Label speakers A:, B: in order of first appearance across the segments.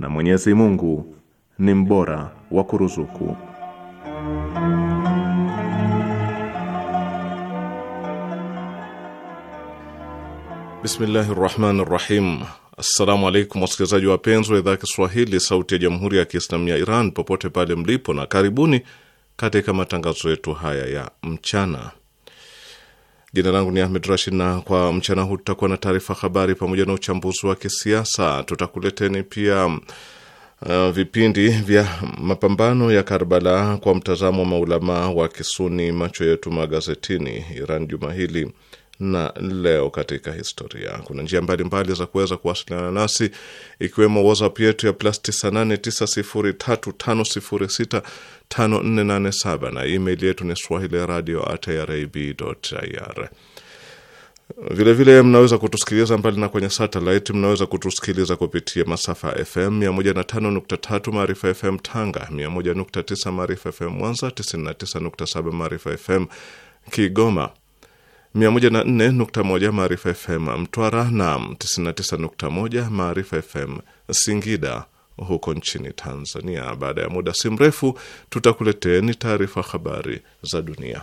A: na Mwenyezi Mungu ni mbora wa kuruzuku. Bismillahir Rahmanir Rahim. Assalamu alaikum wasikilizaji wapenzi wa idhaa ya Kiswahili sauti ya Jamhuri ya Kiislamu ya Iran popote pale mlipo, na karibuni katika matangazo yetu haya ya mchana. Jina langu ni Ahmed Rashid, na kwa mchana huu tutakuwa na taarifa habari pamoja na uchambuzi wa kisiasa. Tutakuleteni pia uh, vipindi vya mapambano ya Karbala kwa mtazamo wa maulamaa wa Kisuni, macho yetu magazetini, Iran juma hili na leo katika historia. Kuna njia mbalimbali za kuweza kuwasiliana nasi, ikiwemo WhatsApp yetu ya plus 989035065487 na email yetu ni swahili radio at irib ir. Vilevile mnaweza kutusikiliza mbali na kwenye satellite, mnaweza kutusikiliza kupitia masafa FM 105.3 Maarifa FM Tanga, 101.9 Maarifa FM Mwanza, 99.7 Maarifa FM Kigoma 104.1 Maarifa FM Mtwara na 99.1 Maarifa FM Singida huko nchini Tanzania. Baada ya muda si mrefu tutakuleteni taarifa habari za dunia.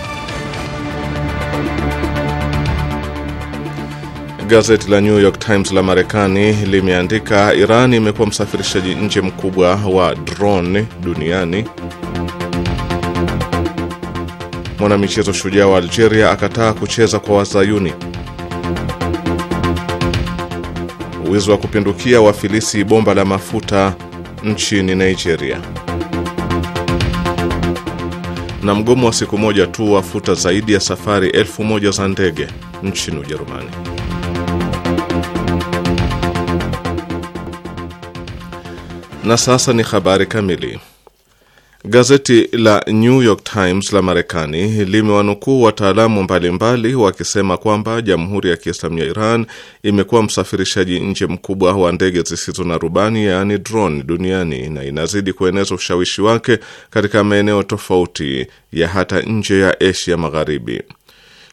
A: Gazeti la New York Times la Marekani limeandika Iran imekuwa msafirishaji nje mkubwa wa drone duniani. Mwanamichezo shujaa wa Algeria akataa kucheza kwa Wazayuni. Uwezo wa kupindukia wafilisi bomba la mafuta nchini Nigeria. Na mgomo wa siku moja tu wafuta zaidi ya safari elfu moja za ndege nchini Ujerumani. Na sasa ni habari kamili. Gazeti la New York Times la Marekani limewanukuu wataalamu mbalimbali wakisema kwamba Jamhuri ya Kiislamu ya Iran imekuwa msafirishaji nje mkubwa wa ndege zisizo na rubani yaani drone duniani na inazidi kueneza ushawishi wake katika maeneo tofauti ya hata nje ya Asia Magharibi.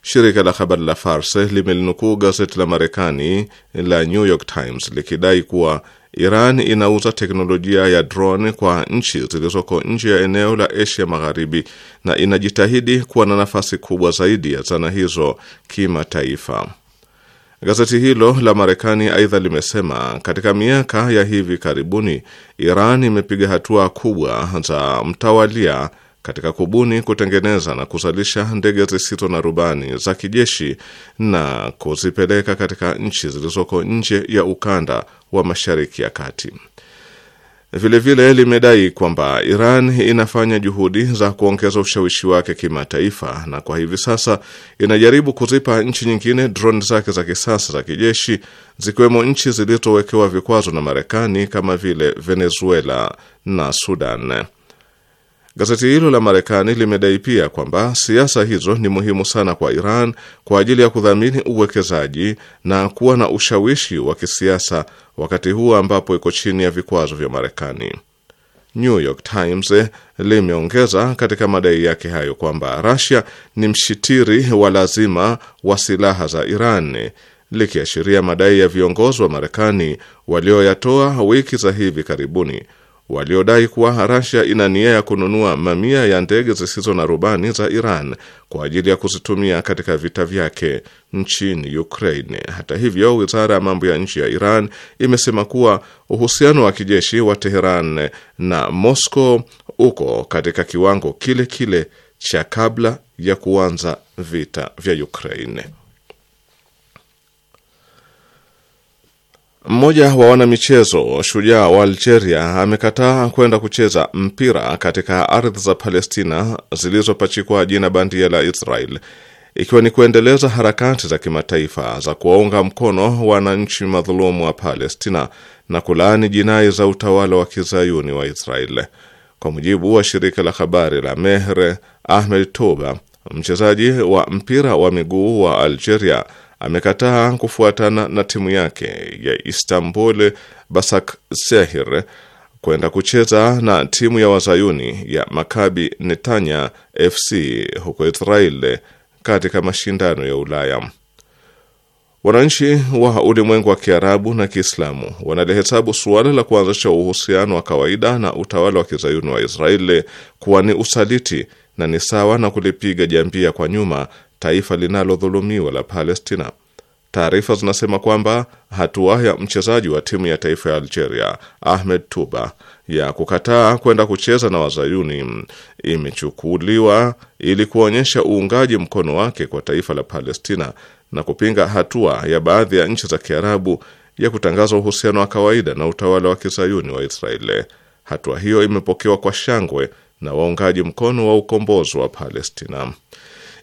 A: Shirika la habari la Farse limelinukuu gazeti la Marekani la New York Times likidai kuwa Iran inauza teknolojia ya drone kwa nchi zilizoko nje ya eneo la Asia Magharibi na inajitahidi kuwa na nafasi kubwa zaidi ya zana hizo kimataifa. Gazeti hilo la Marekani aidha limesema katika miaka ya hivi karibuni Iran imepiga hatua kubwa za mtawalia katika kubuni, kutengeneza na kuzalisha ndege zisizo na rubani za kijeshi na kuzipeleka katika nchi zilizoko nje ya ukanda wa Mashariki ya Kati. Vilevile limedai kwamba Iran inafanya juhudi za kuongeza ushawishi wake kimataifa na kwa hivi sasa inajaribu kuzipa nchi nyingine drone zake za kisasa za kijeshi, zikiwemo nchi zilizowekewa vikwazo na Marekani kama vile Venezuela na Sudan. Gazeti hilo la Marekani limedai pia kwamba siasa hizo ni muhimu sana kwa Iran kwa ajili ya kudhamini uwekezaji na kuwa na ushawishi wa kisiasa wakati huu ambapo iko chini ya vikwazo vya Marekani. New York Times eh, limeongeza katika madai yake hayo kwamba Russia ni mshitiri wa lazima wa silaha za Iran, likiashiria madai ya viongozi wa Marekani walioyatoa wiki za hivi karibuni waliodai kuwa Rasia ina nia ya kununua mamia ya ndege zisizo na rubani za Iran kwa ajili ya kuzitumia katika vita vyake nchini Ukraine. Hata hivyo, wizara ya mambo ya nchi ya Iran imesema kuwa uhusiano wa kijeshi wa Teheran na Moscow uko katika kiwango kile kile cha kabla ya kuanza vita vya Ukraine. Mmoja wa wanamichezo shujaa wa Algeria amekataa kwenda kucheza mpira katika ardhi za Palestina zilizopachikwa jina bandia la Israel, ikiwa ni kuendeleza harakati za kimataifa za kuwaunga mkono wananchi madhulumu wa Palestina na kulaani jinai za utawala wa kizayuni wa Israel. Kwa mujibu wa shirika la habari la Mehre, Ahmed Toba, mchezaji wa mpira wa miguu wa Algeria amekataa kufuatana na timu yake ya Istanbul Basaksehir kwenda kucheza na timu ya wazayuni ya Makabi Netanya FC huko Israel katika mashindano ya Ulaya. Wananchi wa ulimwengu wa Kiarabu na Kiislamu wanalihesabu suala la kuanzisha uhusiano wa kawaida na utawala wa kizayuni wa Israeli kuwa ni usaliti na ni sawa na kulipiga jambia kwa nyuma taifa linalodhulumiwa la Palestina. Taarifa zinasema kwamba hatua ya mchezaji wa timu ya taifa ya Algeria Ahmed Touba ya kukataa kwenda kucheza na Wazayuni imechukuliwa ili kuonyesha uungaji mkono wake kwa taifa la Palestina na kupinga hatua ya baadhi ya nchi za Kiarabu ya kutangaza uhusiano wa kawaida na utawala wa Kizayuni wa Israeli. Hatua hiyo imepokewa kwa shangwe na waungaji mkono wa ukombozi wa Palestina.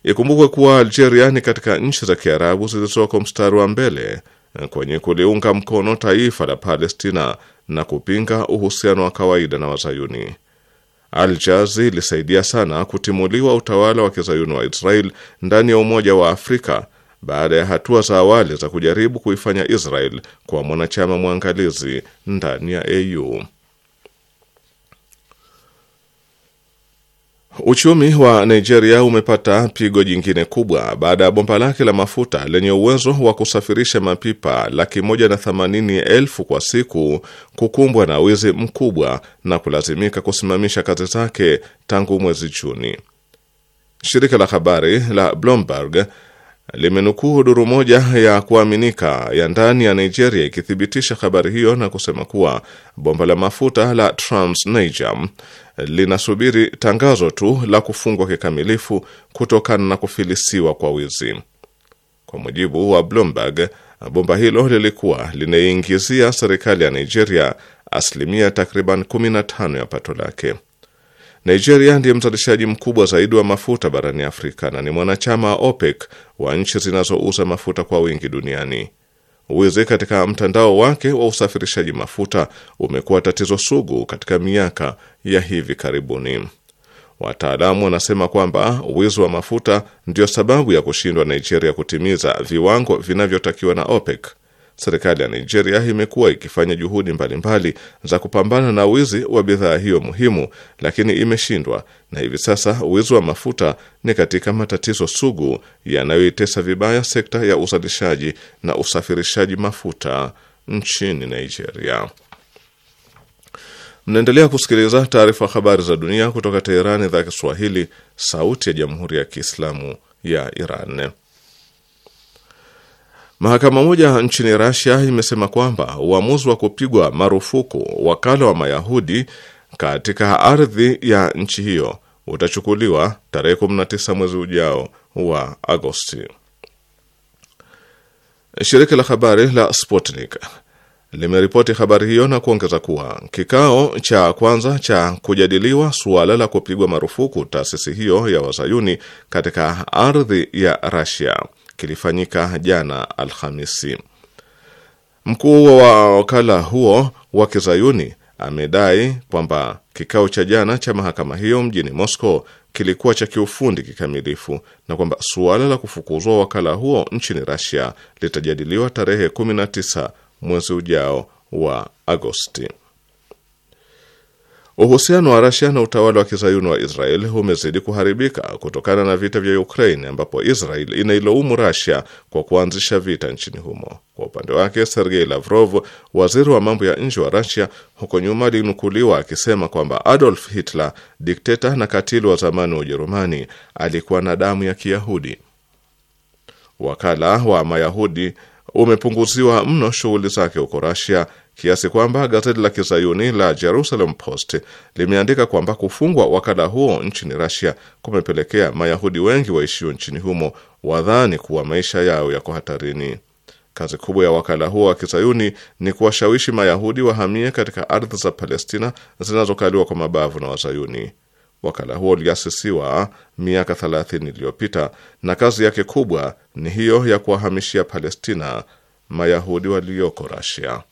A: Ikumbukwe kuwa Algeria ni katika nchi za Kiarabu zilizoko mstari wa mbele kwenye kuliunga mkono taifa la Palestina na kupinga uhusiano wa kawaida na Wazayuni. Aljazi ilisaidia sana kutimuliwa utawala wa kizayuni wa Israel ndani ya Umoja wa Afrika baada ya hatua za awali za kujaribu kuifanya Israel kuwa mwanachama mwangalizi ndani ya AU. Uchumi wa Nigeria umepata pigo jingine kubwa baada ya bomba lake la mafuta lenye uwezo wa kusafirisha mapipa laki moja na themanini elfu kwa siku kukumbwa na wizi mkubwa na kulazimika kusimamisha kazi zake tangu mwezi Juni. Shirika la habari la Bloomberg limenukuu duru moja ya kuaminika ya ndani ya Nigeria ikithibitisha habari hiyo na kusema kuwa bomba la mafuta la Trans Niger linasubiri tangazo tu la kufungwa kikamilifu kutokana na kufilisiwa kwa wizi. Kwa mujibu wa Bloomberg, bomba hilo lilikuwa linaingizia serikali ya Nigeria asilimia takriban 15 ya pato lake. Nigeria ndiye mzalishaji mkubwa zaidi wa mafuta barani Afrika na ni mwanachama wa OPEC wa nchi zinazouza mafuta kwa wingi duniani. Wizi katika mtandao wake wa usafirishaji mafuta umekuwa tatizo sugu katika miaka ya hivi karibuni. Wataalamu wanasema kwamba wizi wa mafuta ndio sababu ya kushindwa Nigeria kutimiza viwango vinavyotakiwa na OPEC Serikali ya Nigeria imekuwa ikifanya juhudi mbalimbali za kupambana na wizi wa bidhaa hiyo muhimu, lakini imeshindwa, na hivi sasa wizi wa mafuta ni katika matatizo sugu yanayoitesa vibaya sekta ya uzalishaji na usafirishaji mafuta nchini Nigeria. Mnaendelea kusikiliza taarifa habari za dunia kutoka Teherani, idhaa ya Kiswahili, sauti ya jamhuri ya kiislamu ya Iran. Mahakama moja nchini Rasia imesema kwamba uamuzi wa kupigwa marufuku wakala wa Mayahudi katika ardhi ya nchi hiyo utachukuliwa tarehe 19 mwezi ujao wa Agosti. Shirika la habari la Sputnik limeripoti habari hiyo na kuongeza kuwa kikao cha kwanza cha kujadiliwa suala la kupigwa marufuku taasisi hiyo ya wazayuni katika ardhi ya Rasia kilifanyika jana Alhamisi. Mkuu wa wakala huo wa kizayuni amedai kwamba kikao cha jana cha mahakama hiyo mjini Moscow kilikuwa cha kiufundi kikamilifu na kwamba suala la kufukuzwa wakala huo nchini Russia litajadiliwa tarehe 19 mwezi ujao wa Agosti. Uhusiano wa Rasia na utawala wa kizayuni wa Israel umezidi kuharibika kutokana na vita vya Ukraine ambapo Israel inailoumu Rasia kwa kuanzisha vita nchini humo. Kwa upande wake, Sergei Lavrov, waziri wa mambo ya nje wa Rasia, huko nyuma alinukuliwa akisema kwamba Adolf Hitler, dikteta na katili wa zamani wa Ujerumani, alikuwa na damu ya Kiyahudi. Wakala wa Mayahudi umepunguziwa mno shughuli zake huko Rasia kiasi kwamba gazeti la kizayuni la Jerusalem Post limeandika kwamba kufungwa wakala huo nchini Rasia kumepelekea Mayahudi wengi waishio nchini humo wadhani kuwa maisha yao yako hatarini. Kazi kubwa ya wakala huo wa kizayuni ni kuwashawishi Mayahudi wahamie katika ardhi za Palestina zinazokaliwa kwa mabavu na Wazayuni. Wakala huo uliasisiwa miaka 30 iliyopita na kazi yake kubwa ni hiyo ya kuwahamishia Palestina Mayahudi walioko Rasia.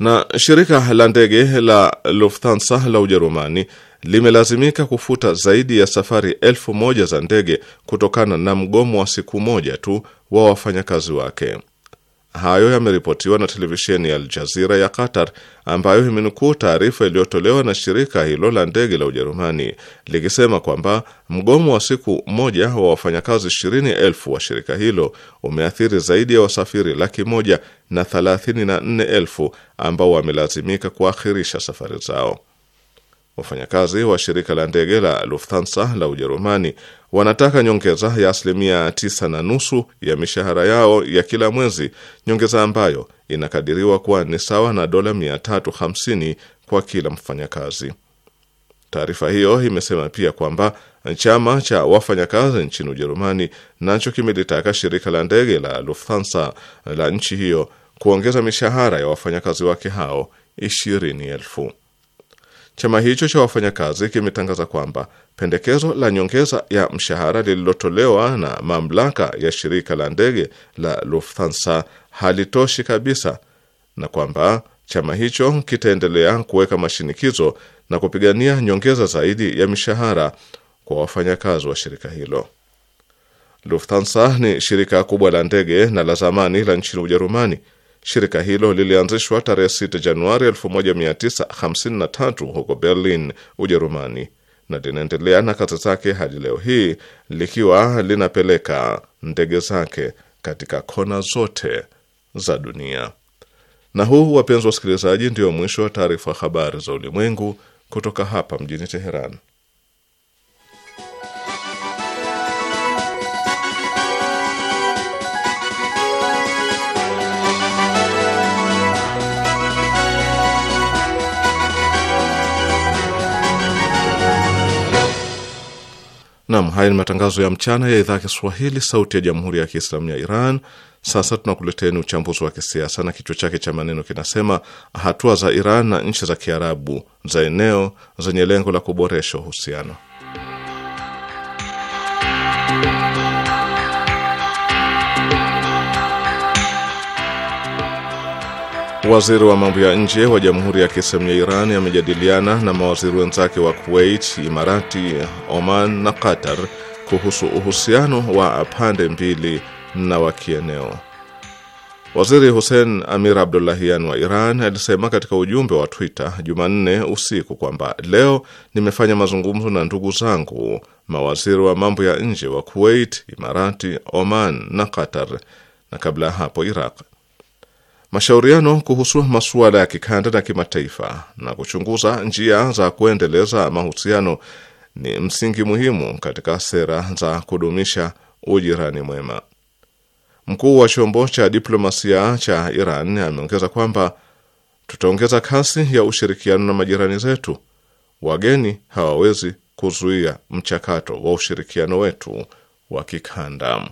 A: Na shirika la ndege la Lufthansa la Ujerumani limelazimika kufuta zaidi ya safari elfu moja za ndege kutokana na mgomo wa siku moja tu wa wafanyakazi wake. Hayo yameripotiwa na televisheni ya Aljazira ya Qatar ambayo imenukuu taarifa iliyotolewa na shirika hilo la ndege la Ujerumani likisema kwamba mgomo wa siku moja wa wafanyakazi ishirini elfu wa shirika hilo umeathiri zaidi ya wasafiri laki moja na thelathini na nne elfu ambao wamelazimika kuakhirisha safari zao. Wafanyakazi wa shirika la ndege la Lufthansa la Ujerumani wanataka nyongeza ya asilimia tisa na nusu ya mishahara yao ya kila mwezi, nyongeza ambayo inakadiriwa kuwa ni sawa na dola 350 kwa kila mfanyakazi. Taarifa hiyo imesema pia kwamba chama cha wafanyakazi nchini Ujerumani nacho kimelitaka shirika la ndege la Lufthansa la nchi hiyo kuongeza mishahara ya wafanyakazi wake hao elfu Chama hicho cha wafanyakazi kimetangaza kwamba pendekezo la nyongeza ya mshahara lililotolewa na mamlaka ya shirika la ndege la Lufthansa halitoshi kabisa na kwamba chama hicho kitaendelea kuweka mashinikizo na kupigania nyongeza zaidi ya mishahara kwa wafanyakazi wa shirika hilo. Lufthansa ni shirika kubwa la ndege na la zamani la nchini Ujerumani Shirika hilo lilianzishwa tarehe 6 Januari 1953 huko Berlin, Ujerumani, na linaendelea na kazi zake hadi leo hii likiwa linapeleka ndege zake katika kona zote za dunia. Na huu, wapenzi wasikilizaji, ndio mwisho wa taarifa habari za ulimwengu kutoka hapa mjini Teheran. Nam, haya ni matangazo ya mchana ya idhaa ya Kiswahili, sauti ya jamhuri ya kiislamu ya Iran. Sasa tunakuleteni uchambuzi wa kisiasa na kichwa chake cha maneno kinasema: hatua za Iran na nchi za kiarabu za eneo zenye lengo la kuboresha uhusiano. Waziri wa mambo ya nje wa Jamhuri ya Kiislamu ya Iran amejadiliana na mawaziri wenzake wa Kuwait, Imarati, Oman na Qatar kuhusu uhusiano wa pande mbili na wa kieneo. Waziri Hussein Amir Abdullahian wa Iran alisema katika ujumbe wa Twitter Jumanne usiku kwamba leo nimefanya mazungumzo na ndugu zangu mawaziri wa mambo ya nje wa Kuwait, Imarati, Oman na Qatar na kabla ya hapo Iraq mashauriano kuhusu masuala ya kikanda na kimataifa na kuchunguza njia za kuendeleza mahusiano ni msingi muhimu katika sera za kudumisha ujirani mwema. Mkuu wa chombo cha diplomasia cha Iran ameongeza kwamba tutaongeza kasi ya ushirikiano na majirani zetu. Wageni hawawezi kuzuia mchakato wa ushirikiano wetu wa kikanda.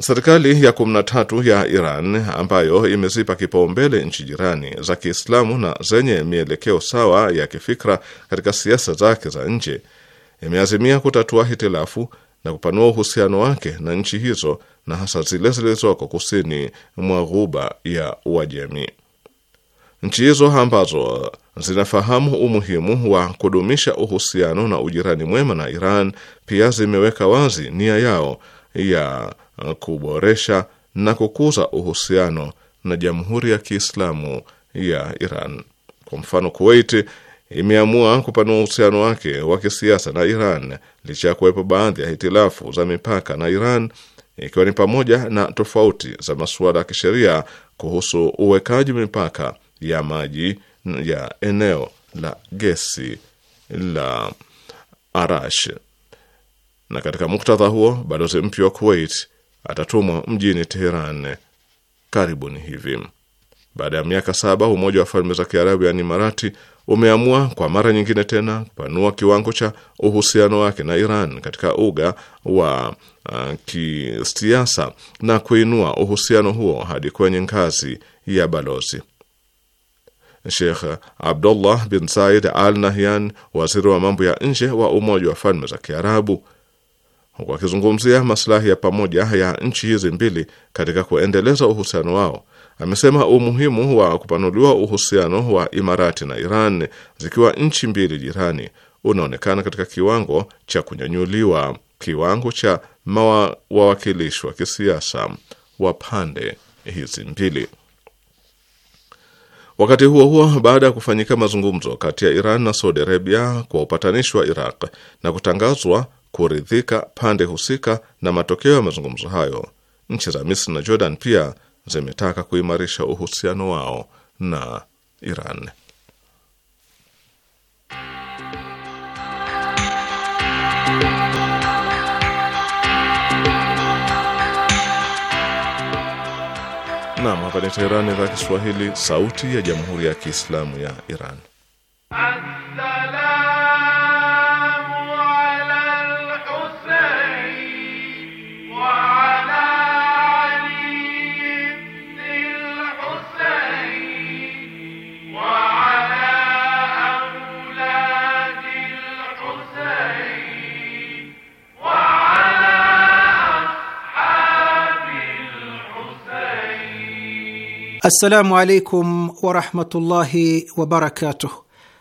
A: Serikali ya tatu ya Iran ambayo imezipa kipaumbele nchi jirani za Kiislamu na zenye mielekeo sawa ya kifikra katika siasa zake za nje imeazimia kutatua hitilafu na kupanua uhusiano wake na nchi hizo na hasa zile zilizoko kusini mwa ghuba ya Uajemi. Nchi hizo ambazo zinafahamu umuhimu wa kudumisha uhusiano na ujirani mwema na Iran pia zimeweka wazi nia yao ya Eh, kuboresha na kukuza uhusiano na Jamhuri ya Kiislamu ya Iran. Kwa mfano, Kuwait imeamua kupanua uhusiano wake wa kisiasa na Iran licha ya kuwepo baadhi ya hitilafu za mipaka na Iran, ikiwa ni pamoja na tofauti za masuala ya kisheria kuhusu uwekaji mipaka ya maji ya eneo la gesi la Arash. Na katika muktadha huo, balozi mpya wa Kuwait atatumwa mjini Teheran karibuni hivi. Baada ya miaka saba, Umoja wa Falme za Kiarabu yaani Imarati umeamua kwa mara nyingine tena kupanua kiwango cha uhusiano wake na Iran katika uga wa uh, kisiasa na kuinua uhusiano huo hadi kwenye ngazi ya balozi. Sheikh Abdullah bin Said Al Nahyan, waziri wa mambo ya nje wa Umoja wa Falme za Kiarabu huku akizungumzia masilahi ya pamoja ya nchi hizi mbili katika kuendeleza uhusiano wao. Amesema umuhimu wa kupanuliwa uhusiano wa Imarati na Iran zikiwa nchi mbili jirani unaonekana katika kiwango cha kunyanyuliwa kiwango cha wawakilishi wa kisiasa wa pande hizi mbili. Wakati huo huo, baada ya kufanyika mazungumzo kati ya Iran na Saudi Arabia kwa upatanishi wa Iraq na kutangazwa kuridhika pande husika na matokeo ya mazungumzo hayo, nchi za Misri na Jordan pia zimetaka kuimarisha uhusiano wao na Iran. Nam, hapa ni Teherani, idhaa Kiswahili, sauti ya jamhuri ya kiislamu ya Iran.
B: Assalamu alaikum warahmatullahi wabarakatuh.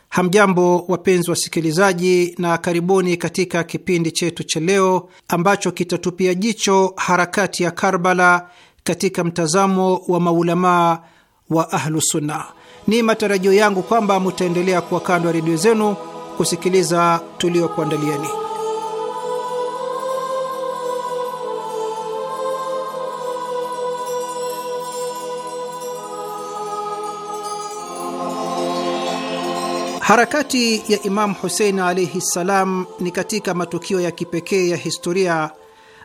B: Hamjambo wapenzi wasikilizaji, na karibuni katika kipindi chetu cha leo ambacho kitatupia jicho harakati ya Karbala katika mtazamo wa maulamaa wa Ahlusunna. Ni matarajio yangu kwamba mutaendelea kuwa kando ya redio zenu kusikiliza tuliokuandalieni. Harakati ya Imamu Husein alaihi ssalam ni katika matukio ya kipekee ya historia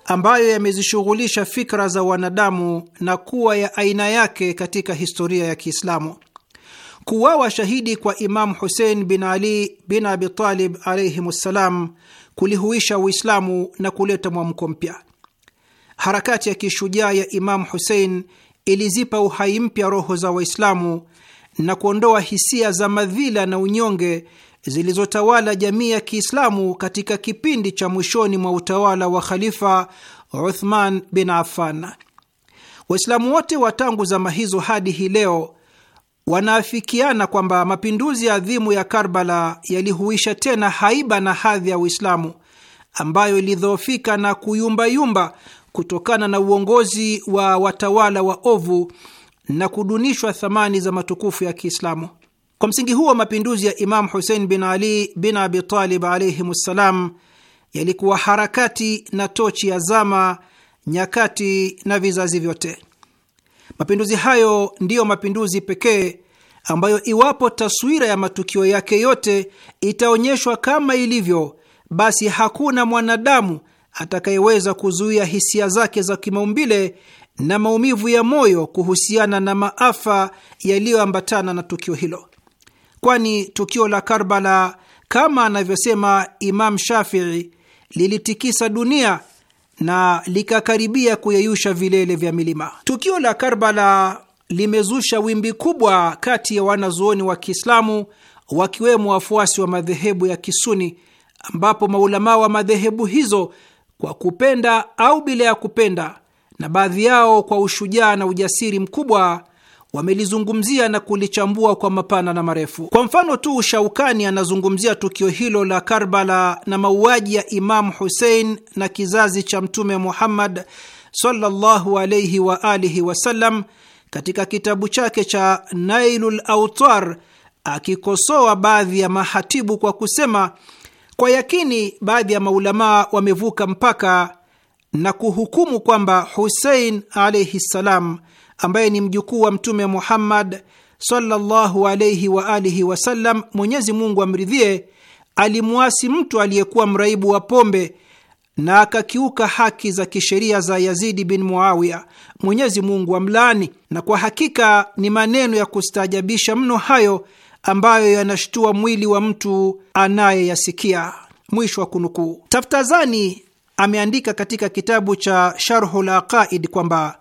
B: ambayo yamezishughulisha fikra za wanadamu na kuwa ya aina yake katika historia ya Kiislamu. Kuwawa shahidi kwa Imamu Husein bin Ali bin Abitalib alaihim ssalam kulihuisha Uislamu na kuleta mwamko mpya. Harakati ya kishujaa ya Imamu Husein ilizipa uhai mpya roho za Waislamu na kuondoa hisia za madhila na unyonge zilizotawala jamii ya Kiislamu katika kipindi cha mwishoni mwa utawala wa Khalifa Uthman bin Affan. Waislamu wote wa tangu zama hizo hadi hii leo wanaafikiana kwamba mapinduzi ya adhimu ya Karbala yalihuisha tena haiba na hadhi ya Uislamu ambayo ilidhoofika na kuyumbayumba kutokana na uongozi wa watawala wa ovu na kudunishwa thamani za matukufu ya Kiislamu. Kwa msingi huo, mapinduzi ya Imamu Husein bin Ali bin Abi Talib alaihim ssalam yalikuwa harakati na tochi ya zama, nyakati na vizazi vyote. Mapinduzi hayo ndiyo mapinduzi pekee ambayo iwapo taswira ya matukio yake yote itaonyeshwa kama ilivyo, basi hakuna mwanadamu atakayeweza kuzuia hisia zake za kimaumbile na maumivu ya moyo kuhusiana na maafa yaliyoambatana na tukio hilo, kwani tukio la Karbala kama anavyosema Imam Shafii lilitikisa dunia na likakaribia kuyeyusha vilele vya milima. Tukio la Karbala limezusha wimbi kubwa kati ya wanazuoni wa Kiislamu wakiwemo wafuasi wa madhehebu ya Kisuni, ambapo maulamaa wa madhehebu hizo kwa kupenda au bila ya kupenda na baadhi yao kwa ushujaa na ujasiri mkubwa wamelizungumzia na kulichambua kwa mapana na marefu. Kwa mfano tu, Shaukani anazungumzia tukio hilo la Karbala na mauaji ya Imamu Husein na kizazi cha Mtume Muhammad sallallahu alayhi wa alihi wasallam katika kitabu chake cha Nailul Autar, akikosoa baadhi ya mahatibu kwa kusema, kwa yakini baadhi ya maulamaa wamevuka mpaka na kuhukumu kwamba Husein alaihi ssalam, ambaye ni mjukuu wa Mtume Muhammad sallallahu alaihi wa alihi wasallam, Mwenyezi Mungu amridhie, alimwasi mtu aliyekuwa mraibu wa pombe na akakiuka haki za kisheria za Yazidi bin Muawiya, Mwenyezi Mungu amlaani. Na kwa hakika ni maneno ya kustaajabisha mno hayo ambayo yanashtua mwili wa mtu anayeyasikia. Mwisho wa kunukuu. Taftazani ameandika katika kitabu cha Sharhul Aqaid kwamba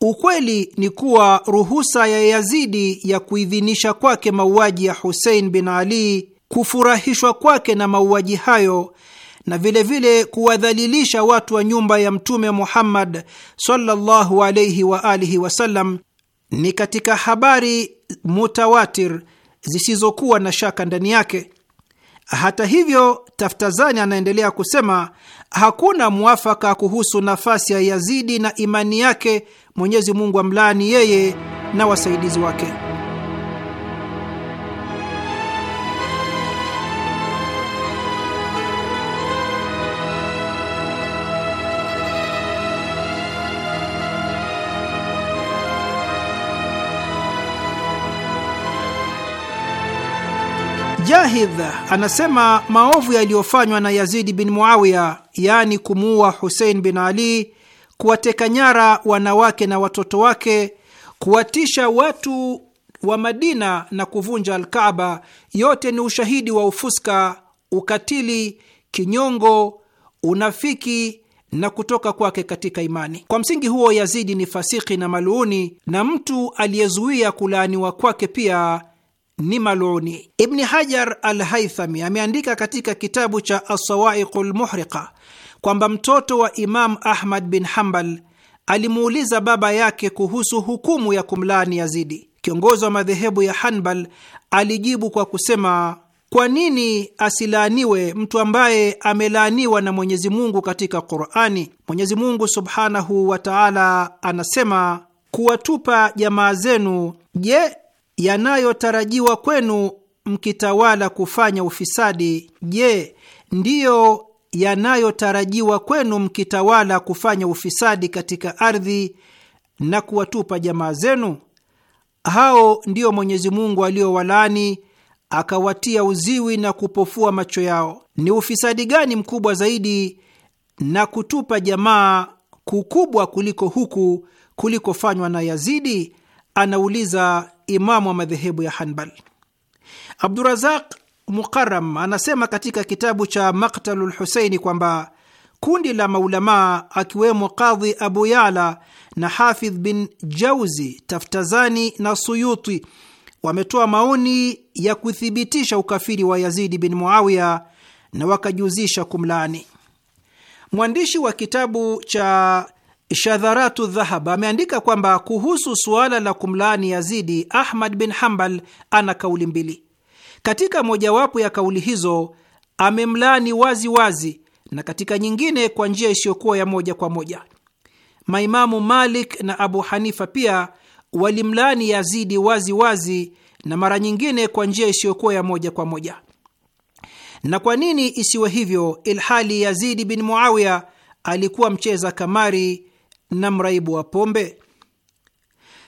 B: ukweli ni kuwa ruhusa ya Yazidi ya kuidhinisha kwake mauaji ya Husein bin Ali, kufurahishwa kwake na mauaji hayo na vilevile kuwadhalilisha watu wa nyumba ya Mtume Muhammad sallallahu alaihi wa alihi wasallam ni katika habari mutawatir zisizokuwa na shaka ndani yake. Hata hivyo, Taftazani anaendelea kusema Hakuna mwafaka kuhusu nafasi ya Yazidi na imani yake. Mwenyezi Mungu amlaani yeye na wasaidizi wake. Mujahid anasema maovu yaliyofanywa na Yazidi bin Muawiya, yaani kumuua Husein bin Ali, kuwateka nyara wanawake na watoto wake, kuwatisha watu wa Madina na kuvunja alkaba yote ni ushahidi wa ufuska, ukatili, kinyongo, unafiki na kutoka kwake katika imani. Kwa msingi huo, Yazidi ni fasiki na maluuni, na mtu aliyezuia kulaaniwa kwake pia ni maluni. Ibni Hajar al Haithami ameandika katika kitabu cha asawaiqu lmuhriqa kwamba mtoto wa Imam Ahmad bin Hambal alimuuliza baba yake kuhusu hukumu ya kumlaani Yazidi. Kiongozi wa madhehebu ya Hanbal alijibu kwa kusema, kwa nini asilaaniwe mtu ambaye amelaaniwa na Mwenyezi Mungu katika Qurani? Mwenyezi Mungu subhanahu wa taala anasema, kuwatupa jamaa zenu, je, yanayotarajiwa kwenu mkitawala kufanya ufisadi? Je, ndiyo yanayotarajiwa kwenu mkitawala kufanya ufisadi katika ardhi na kuwatupa jamaa zenu? Hao ndiyo Mwenyezi Mungu akawatia uziwi na kupofua macho yao. Ni ufisadi gani mkubwa zaidi na kutupa jamaa kukubwa kuliko huku kulikofanywa na Yazidi? Anauliza imamu wa madhehebu ya Hanbal. Abdurazaq Muqaram anasema katika kitabu cha Maktalu Lhuseini kwamba kundi la maulamaa akiwemo Qadhi Abu Yala na Hafidh bin Jauzi, Taftazani na Suyuti wametoa maoni ya kuthibitisha ukafiri wa Yazidi bin Muawiya na wakajiuzisha kumlaani. Mwandishi wa kitabu cha Shadharatu Dhahab ameandika kwamba kuhusu suala la kumlaani Yazidi, Ahmad bin Hambal ana kauli mbili. Katika mojawapo ya kauli hizo amemlaani wazi wazi, na katika nyingine kwa njia isiyokuwa ya moja kwa moja. Maimamu Malik na Abu Hanifa pia walimlaani Yazidi wazi wazi na mara nyingine kwa njia isiyokuwa ya moja kwa moja. Na kwa nini isiwe hivyo, ilhali Yazidi bin Muawiya alikuwa mcheza kamari na mraibu wa pombe?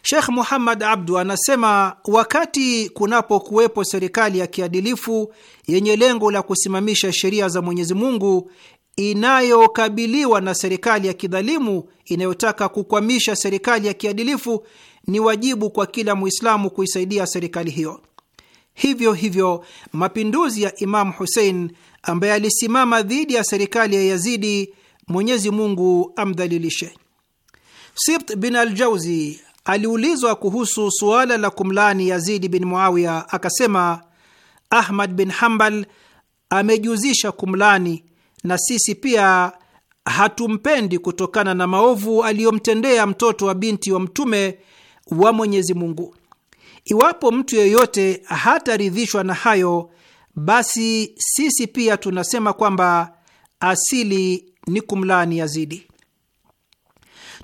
B: Sheikh Muhammad Abdu anasema wakati kunapokuwepo serikali ya kiadilifu yenye lengo la kusimamisha sheria za Mwenyezi Mungu inayokabiliwa na serikali ya kidhalimu inayotaka kukwamisha serikali ya kiadilifu, ni wajibu kwa kila Muislamu kuisaidia serikali hiyo. Hivyo hivyo mapinduzi ya Imamu Husein ambaye alisimama dhidi ya serikali ya Yazidi, Mwenyezi Mungu amdhalilishe. Sibt bin al jauzi aliulizwa kuhusu suala la kumlani Yazidi bin Muawiya akasema, Ahmad bin Hambal amejiuzisha kumlani na sisi pia hatumpendi kutokana na maovu aliyomtendea mtoto wa binti wa mtume wa Mwenyezi Mungu. Iwapo mtu yeyote hataridhishwa na hayo, basi sisi pia tunasema kwamba asili ni kumlani Yazidi.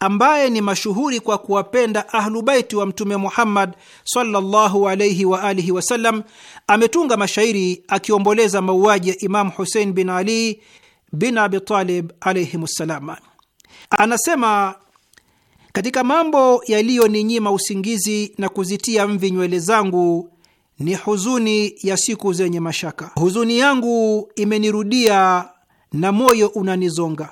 B: ambaye ni mashuhuri kwa kuwapenda Ahlubaiti wa Mtume Muhammad sallallahu alaihi wa alihi wasallam, ametunga mashairi akiomboleza mauaji ya Imamu Husein bin Ali bin Abitalib alaihim ssalam. Anasema, katika mambo yaliyoninyima usingizi na kuzitia mvi nywele zangu ni huzuni ya siku zenye mashaka. Huzuni yangu imenirudia na moyo unanizonga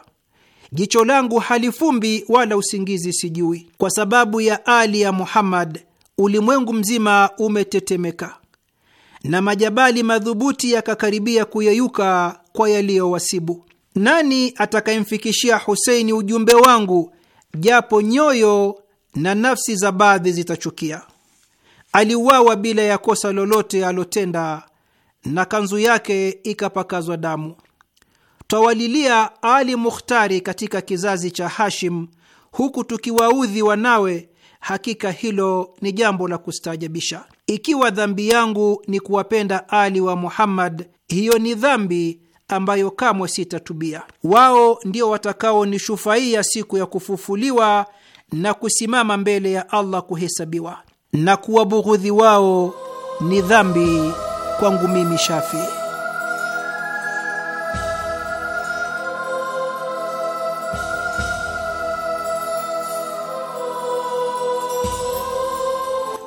B: jicho langu halifumbi wala usingizi sijui. Kwa sababu ya Ali ya Muhammad ulimwengu mzima umetetemeka na majabali madhubuti yakakaribia kuyeyuka kwa yaliyowasibu. Nani atakayemfikishia Huseini ujumbe wangu, japo nyoyo na nafsi za baadhi zitachukia? Aliuawa bila ya kosa lolote alotenda, na kanzu yake ikapakazwa damu. Twawalilia Ali Mukhtari katika kizazi cha Hashim, huku tukiwaudhi wanawe. Hakika hilo ni jambo la kustaajabisha. Ikiwa dhambi yangu ni kuwapenda Ali wa Muhammad, hiyo ni dhambi ambayo kamwe sitatubia. Wao ndio watakaonishufaia siku ya kufufuliwa na kusimama mbele ya Allah kuhesabiwa, na kuwabughudhi wao ni dhambi kwangu mimi Shafii.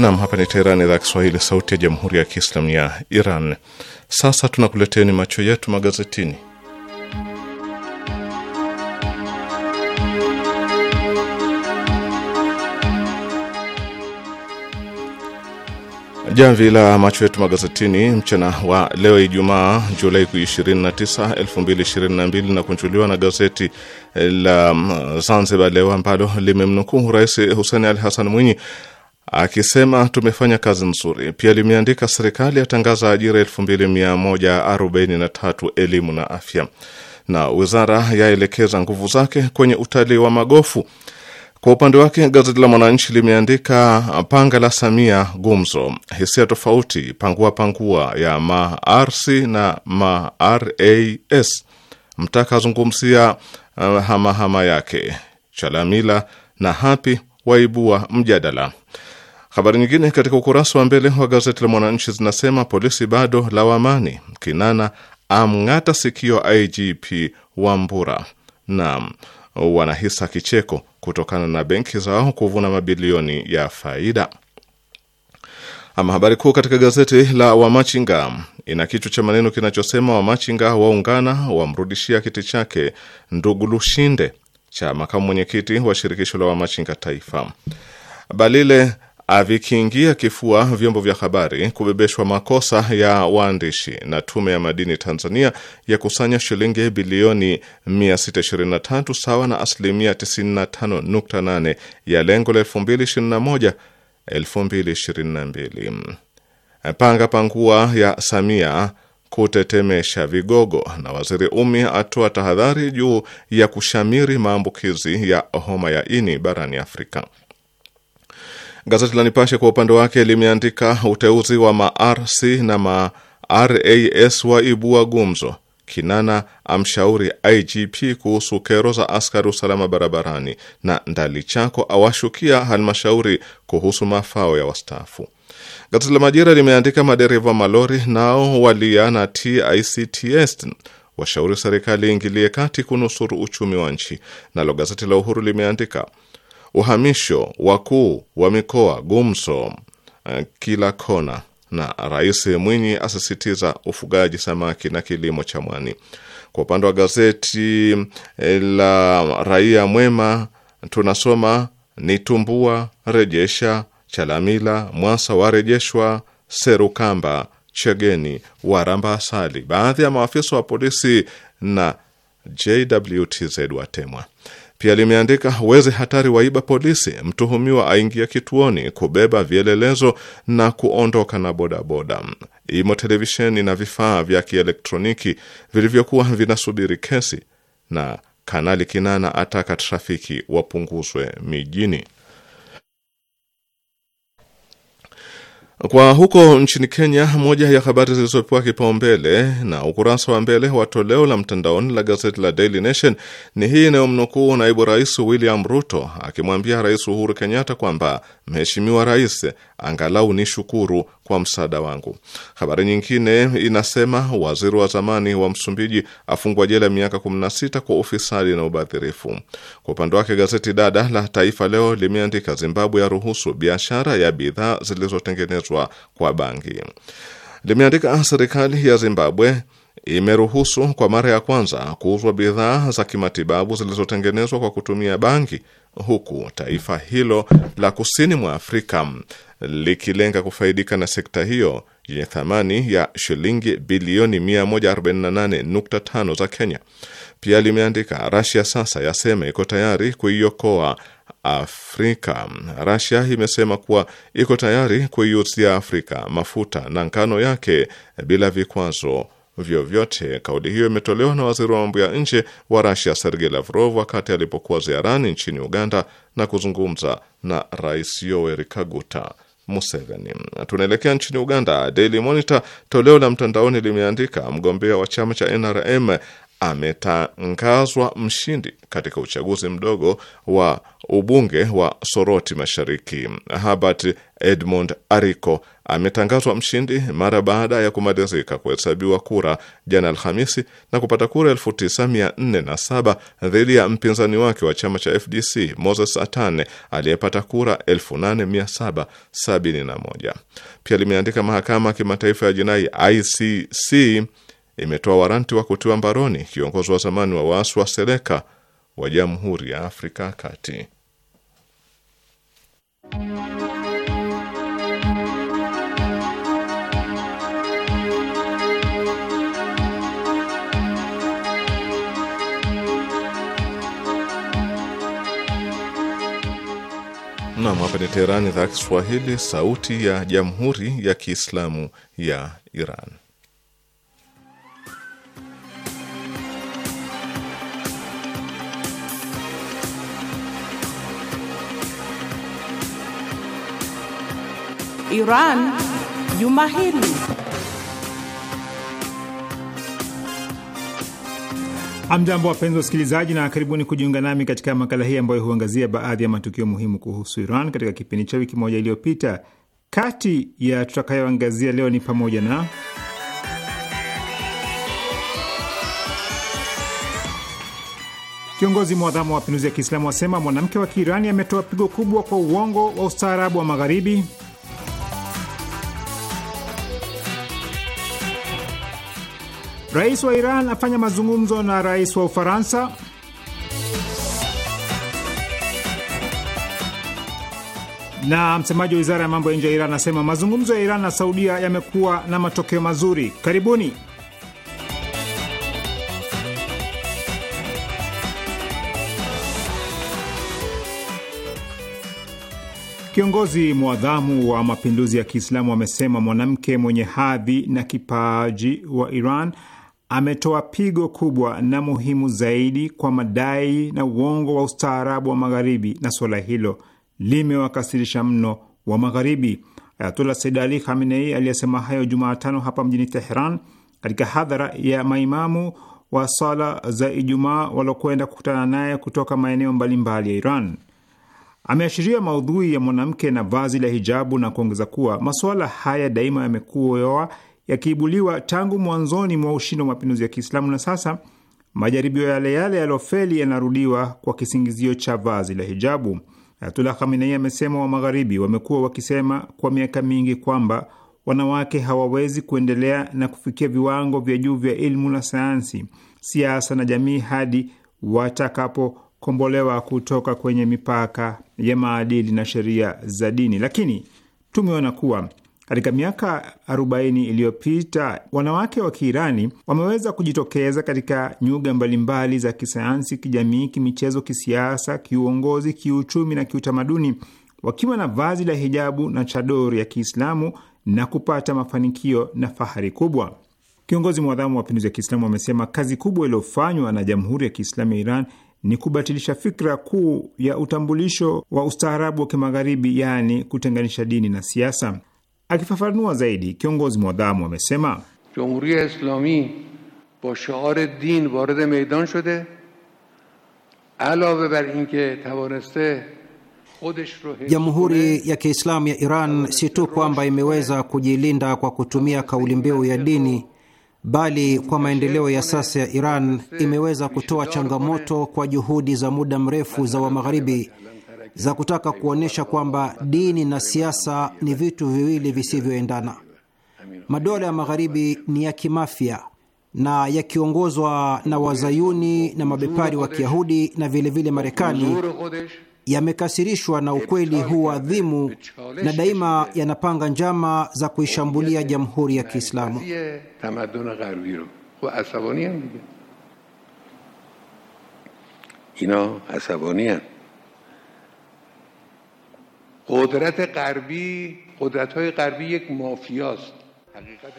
A: Nam, hapa ni Teherani, idhaa Kiswahili, sauti ya jamhuri ya kiislamu ya Iran. Sasa tunakuleteni macho yetu magazetini. Jamvi la macho yetu magazetini mchana wa leo Ijumaa, Julai 29, 2022 na kunjuliwa na gazeti la Zanzibar Leo ambalo limemnukuu Rais Hussein Ali Hassan Mwinyi akisema tumefanya kazi nzuri. Pia limeandika serikali yatangaza ajira 2143 elimu na afya, na wizara yaelekeza nguvu zake kwenye utalii wa magofu. Kwa upande wake gazeti la Mwananchi limeandika panga la Samia gumzo, hisia tofauti, pangua pangua ya MaRC na MaRAS, mtaka azungumzia uh, hamahama yake, Chalamila na Hapi waibua mjadala Habari nyingine katika ukurasa wa mbele wa gazeti la Mwananchi zinasema polisi bado la wamani Kinana amng'ata sikio IGP Wambura na wanahisa kicheko kutokana na benki zao kuvuna mabilioni ya faida. Ama habari kuu katika gazeti la Wamachinga ina kichwa cha maneno kinachosema Wamachinga waungana wamrudishia kiti chake ndugu Lushinde cha makamu mwenyekiti wa shirikisho la Wamachinga Taifa. Balile Avikiingia kifua vyombo vya habari kubebeshwa makosa ya waandishi na Tume ya Madini Tanzania ya kusanya shilingi bilioni 623 sawa na asilimia 95.8 ya lengo la 2021 2022. Panga pangua ya Samia kutetemesha vigogo na Waziri Umi atoa tahadhari juu ya kushamiri maambukizi ya homa ya ini barani Afrika. Gazeti la Nipashe kwa upande wake limeandika uteuzi wa ma-RC na ma-RAS waibua gumzo. Kinana amshauri IGP kuhusu kero za askari usalama barabarani, na Ndalichako awashukia halmashauri kuhusu mafao ya wastaafu. Gazeti la Majira limeandika madereva malori nao walia na TICTS washauri serikali ingilie kati kunusuru uchumi wa nchi. Nalo gazeti la Uhuru limeandika uhamisho wakuu wa mikoa gumzo eh, kila kona, na Rais Mwinyi asisitiza ufugaji samaki na kilimo cha mwani. Kwa upande wa gazeti eh, la Raia Mwema tunasoma ni tumbua rejesha Chalamila, Mwasa warejeshwa Serukamba, Chegeni waramba asali, baadhi ya maafisa wa polisi na JWTZ watemwa. Pia limeandika wezi hatari waiba polisi, mtuhumiwa aingia kituoni kubeba vielelezo na kuondoka na bodaboda. Imo televisheni na vifaa vya kielektroniki vilivyokuwa vinasubiri kesi, na Kanali Kinana ataka trafiki wapunguzwe mijini. Kwa huko nchini Kenya, moja ya habari zilizopewa kipaumbele na ukurasa wa mbele wa toleo la mtandaoni la gazeti la Daily Nation ni hii inayomnukuu naibu rais William Ruto akimwambia Rais Uhuru Kenyatta kwamba Mheshimiwa Rais, angalau ni shukuru kwa msaada wangu. Habari nyingine inasema waziri wa zamani wa Msumbiji afungwa jela miaka 16 kwa ufisadi na ubadhirifu. Kwa upande wake gazeti dada la Taifa Leo limeandika Zimbabwe yaruhusu biashara ya bidhaa zilizotengenezwa kwa bangi. Limeandika serikali ya Zimbabwe imeruhusu kwa mara ya kwanza kuuzwa bidhaa za kimatibabu zilizotengenezwa kwa kutumia bangi, huku taifa hilo la kusini mwa Afrika likilenga kufaidika na sekta hiyo yenye thamani ya shilingi bilioni 148.5 za Kenya. Pia limeandika Rasia sasa yasema iko tayari kuiokoa Afrika. Rasia imesema kuwa iko tayari kuiuzia Afrika mafuta na ngano yake bila vikwazo vyovyote. Kauli hiyo imetolewa na waziri wa mambo ya nje wa Rasia Sergei Lavrov wakati alipokuwa ziarani nchini Uganda na kuzungumza na Rais Yoweri Kaguta Museveni. Tunaelekea nchini Uganda. Daily Monitor toleo la mtandaoni limeandika mgombea wa chama cha NRM ametangazwa mshindi katika uchaguzi mdogo wa ubunge wa Soroti Mashariki. Herbert Edmund Ariko ametangazwa mshindi mara baada ya kumalizika kuhesabiwa kura jana Alhamisi na kupata kura 9407 dhidi ya mpinzani wake wa chama cha FDC Moses Atane aliyepata kura 8771. Pia limeandika mahakama ya kimataifa ya jinai ICC imetoa waranti wa kutiwa mbaroni kiongozi wa zamani wa waasi wa Seleka wa Jamhuri ya Afrika ya Kati. Nam, hapa ni Teherani, idhaa ya Kiswahili, sauti ya Jamhuri ya Kiislamu ya Iran.
B: Iran juma hili.
C: Amjambo, wapenzi wa usikilizaji, na karibuni kujiunga nami katika makala hii ambayo huangazia baadhi ya matukio muhimu kuhusu Iran katika kipindi cha wiki moja iliyopita. Kati ya tutakayoangazia leo ni pamoja na Kiongozi mwadhamu wa mapinduzi ya Kiislamu wasema mwanamke wa Kiirani ametoa pigo kubwa kwa uongo wa ustaarabu wa Magharibi. Rais wa Iran afanya mazungumzo na rais wa Ufaransa. na msemaji wa wizara ya mambo ya nje ya Iran anasema mazungumzo ya Iran na Saudia yamekuwa na matokeo mazuri. Karibuni. Kiongozi mwadhamu wa mapinduzi ya Kiislamu amesema mwanamke mwenye hadhi na kipaji wa Iran ametoa pigo kubwa na muhimu zaidi kwa madai na uongo wa ustaarabu wa Magharibi, na suala hilo limewakasirisha mno wa Magharibi. Ayatullah Said Ali Khamenei aliyesema hayo Jumatano hapa mjini Teheran, katika hadhara ya maimamu wa sala za Ijumaa waliokwenda kukutana naye kutoka maeneo mbalimbali ya Iran. Ameashiria maudhui ya mwanamke na vazi la hijabu na kuongeza kuwa masuala haya daima yamekuwa yakiibuliwa tangu mwanzoni mwa ushindi wa mapinduzi ya Kiislamu, na sasa majaribio yale yale yaliyofeli yanarudiwa kwa kisingizio cha vazi la hijabu. Ayatullah Khamenei amesema wa Magharibi wamekuwa wakisema kwa miaka mingi kwamba wanawake hawawezi kuendelea na kufikia viwango vya juu vya elimu na sayansi, siasa na jamii hadi watakapokombolewa kutoka kwenye mipaka ya maadili na sheria za dini, lakini tumeona kuwa katika miaka 40 iliyopita, wanawake wa Kiirani wameweza kujitokeza katika nyuga mbalimbali za kisayansi, kijamii, kimichezo, kisiasa, kiuongozi, kiuchumi na kiutamaduni wakiwa na vazi la hijabu na chadori ya Kiislamu na kupata mafanikio na fahari kubwa. Kiongozi mwadhamu wa mapinduzi ya Kiislamu amesema kazi kubwa iliyofanywa na Jamhuri ya Kiislamu ya Iran ni kubatilisha fikra kuu ya utambulisho wa ustaarabu wa Kimagharibi, yaani kutenganisha dini na siasa. Akifafanua zaidi, kiongozi mwadhamu amesema
D: ya islami ba shaar din varede meidan shode alave bar inke tavaneste
B: Jamhuri ya Kiislamu ya Iran si tu kwamba imeweza kujilinda kwa kutumia kauli mbiu ya dini, bali kwa maendeleo ya sasa ya Iran imeweza kutoa changamoto kwa juhudi za muda mrefu za Wamagharibi za kutaka kuonyesha kwamba dini na siasa ni vitu viwili visivyoendana. Madola ya magharibi ni ya kimafia na yakiongozwa na wazayuni na mabepari wa Kiyahudi na vilevile Marekani yamekasirishwa na ukweli huu adhimu na daima yanapanga njama za kuishambulia jamhuri ya Kiislamu.
D: قدرت غربی قدرت های غربی یک مافیاست حقیقت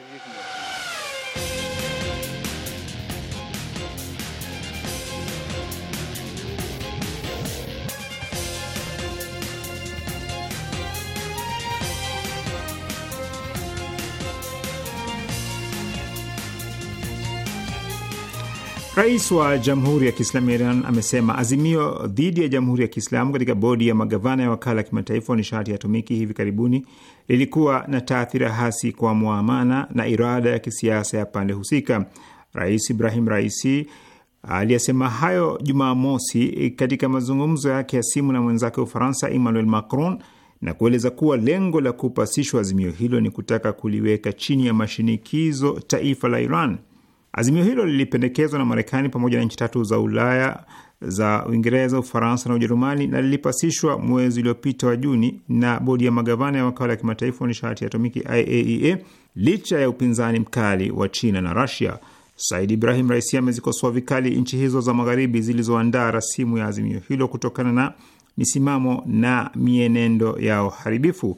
C: Rais wa Jamhuri ya Kiislamu ya Iran amesema azimio dhidi ya Jamhuri ya Kiislamu katika bodi ya magavana ya wakala ya kimataifa wa nishati ya atomiki hivi karibuni lilikuwa na taathira hasi kwa mwamana na irada ya kisiasa ya pande husika. Rais Ibrahim Raisi aliyesema hayo Jumamosi katika mazungumzo yake ya simu na mwenzake Ufaransa Emmanuel Macron na kueleza kuwa lengo la kupasishwa azimio hilo ni kutaka kuliweka chini ya mashinikizo taifa la Iran. Azimio hilo lilipendekezwa na Marekani pamoja na nchi tatu za Ulaya za Uingereza, Ufaransa na Ujerumani na lilipasishwa mwezi uliopita wa Juni na bodi ya magavana ya wakala ya kimataifa wa nishati ya atomiki IAEA e licha ya upinzani mkali wa China na Rusia. Said Ibrahim Raisi amezikosoa vikali nchi hizo za magharibi zilizoandaa rasimu ya azimio hilo kutokana na misimamo na mienendo yao haribifu.